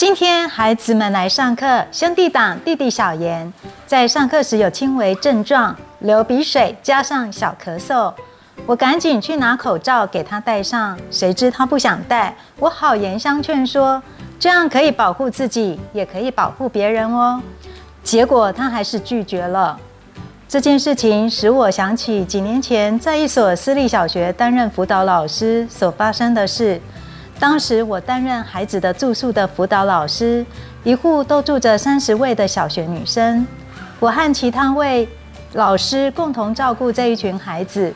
今天孩子們來上課，兄弟檔弟弟小嚴在上課時有輕微症狀，流鼻水加上小咳嗽，我趕緊去拿口罩給他戴上，誰知他不想戴，我好言相勸說，這樣可以保護自己，也可以保護別人哦。結果他還是拒絕了。這件事情使我想起幾年前在一所私立小學擔任輔導老師所發生的事。當時我擔任孩子的住宿的輔導老師，一戶都住着三十位的小學女生，我和其他位老師共同照顧這一群孩子。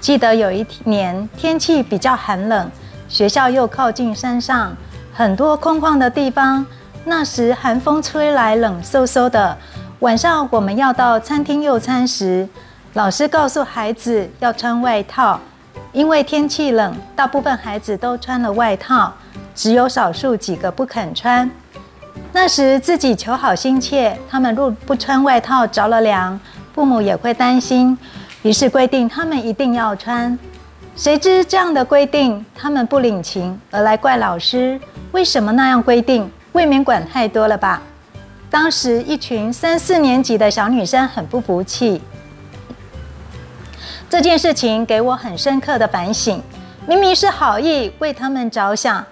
記得有一年天氣比較寒冷，學校又靠近山上，很多空曠的地方。那時寒風吹來，冷颼颼的。晚上我們要到餐廳用餐時，老師告訴孩子要穿外套。因為天氣冷，大部分孩子都穿了外套，只有少數幾個不肯穿。那時自己求好心切，他們若不穿外套着了涼，父母也會擔心，於是規定他們一定要穿。誰知這樣的規定，他們不領情，而來怪老師，為什麼那樣規定，未免管太多了吧？當時一群三四年級的小女生很不服氣。這件事情給我很深刻的反省，明明是好意為他們着想，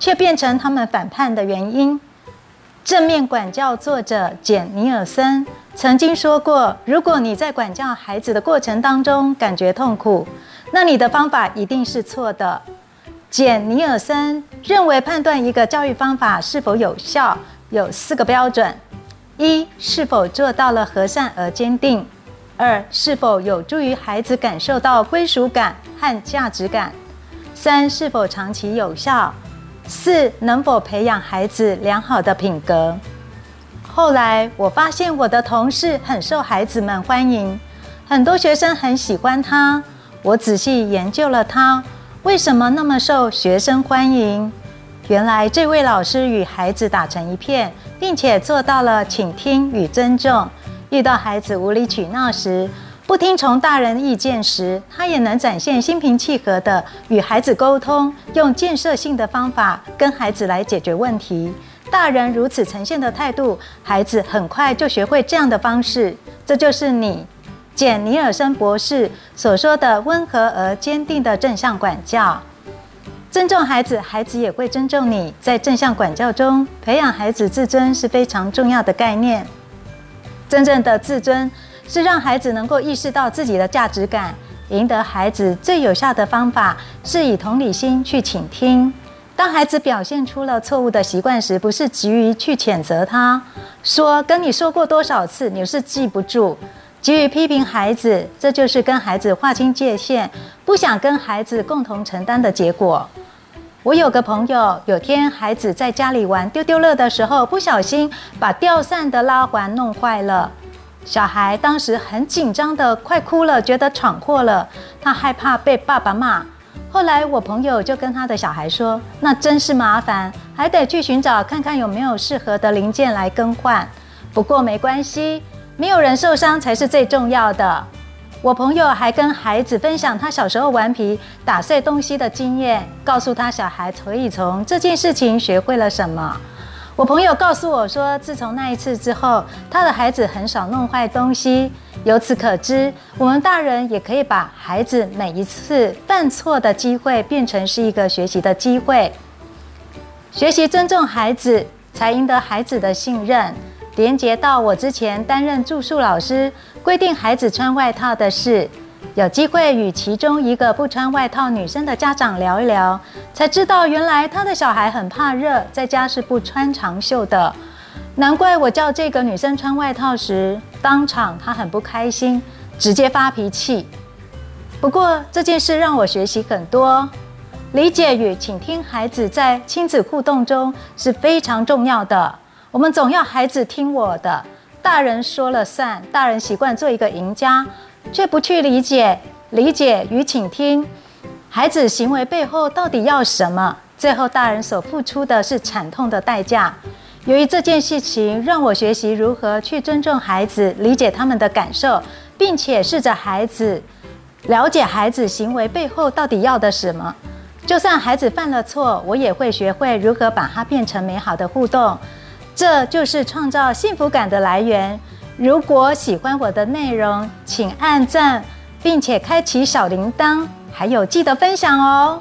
卻變成他們反叛的原因。正面管教作者簡·尼爾森曾經說過：“如果你在管教孩子的過程當中感覺痛苦，那你的方法一定是錯的。”簡·尼爾森認為，判斷一個教育方法是否有效，有四個標準：一、是否做到了和善而堅定。二、是否有助於孩子感受到歸屬感和價值感？三、是否長期有效？四、能否培養孩子良好的品格？後來我發現我的同事很受孩子們歡迎，很多學生很喜歡他。我仔細研究了他，為什麼那麼受學生歡迎？原來這位老師與孩子打成一片，並且做到了傾聽與尊重。遇到孩子無理取鬧時，不聽從大人意見時，他也能展現心平氣和的與孩子溝通，用建設性的方法跟孩子來解決問題。大人如此呈現的態度，孩子很快就學會這樣的方式。這就是你，簡尼爾森博士所說的溫和而堅定的正向管教。尊重孩子，孩子也會尊重你。在正向管教中，培養孩子自尊是非常重要的概念。真正的自尊是讓孩子能夠意識到自己的價值感。贏得孩子最有效的方法是以同理心去傾聽。當孩子表現出了錯誤的習慣時，不是急於去譴責他，說跟你說過多少次你是記不住，急於批評孩子，這就是跟孩子劃清界限，不想跟孩子共同承擔的結果。我有個朋友，有天孩子在家裡玩丟丟樂的時候，不小心把吊扇的拉環弄壞了。小孩當時很緊張的，快哭了，覺得闖禍了，他害怕被爸爸罵。後來我朋友就跟他的小孩說：“那真是麻煩，還得去尋找看看有沒有適合的零件來更換。不過沒關係，沒有人受傷才是最重要的。”我朋友還跟孩子分享他小時候頑皮打碎東西的經驗，告訴他小孩可以從這件事情學會了什麼。我朋友告訴我說，自從那一次之後，他的孩子很少弄壞東西。由此可知，我們大人也可以把孩子每一次犯錯的機會變成是一個學習的機會。學習尊重孩子，才贏得孩子的信任。連接到我之前擔任住宿老師規定孩子穿外套的事，有機會與其中一個不穿外套女生的家長聊一聊，才知道原來他的小孩很怕熱，在家是不穿長袖的。難怪我叫這個女生穿外套時，當場她很不開心，直接發脾氣。不過這件事讓我學習很多，理解與傾聽孩子在親子互動中是非常重要的。我們總要孩子聽我的，大人說了算，大人習慣做一個贏家，卻不去理解、理解與傾聽孩子行為背後到底要什麼。最後，大人所付出的是慘痛的代價。由於這件事情，讓我學習如何去尊重孩子，理解他們的感受，並且試着孩子了解孩子行為背後到底要的什麼。就算孩子犯了錯，我也會學會如何把它變成美好的互動。這就是創造幸福感的來源。如果喜歡我的內容，請按贊，並且開啟小鈴鐺，還有記得分享哦。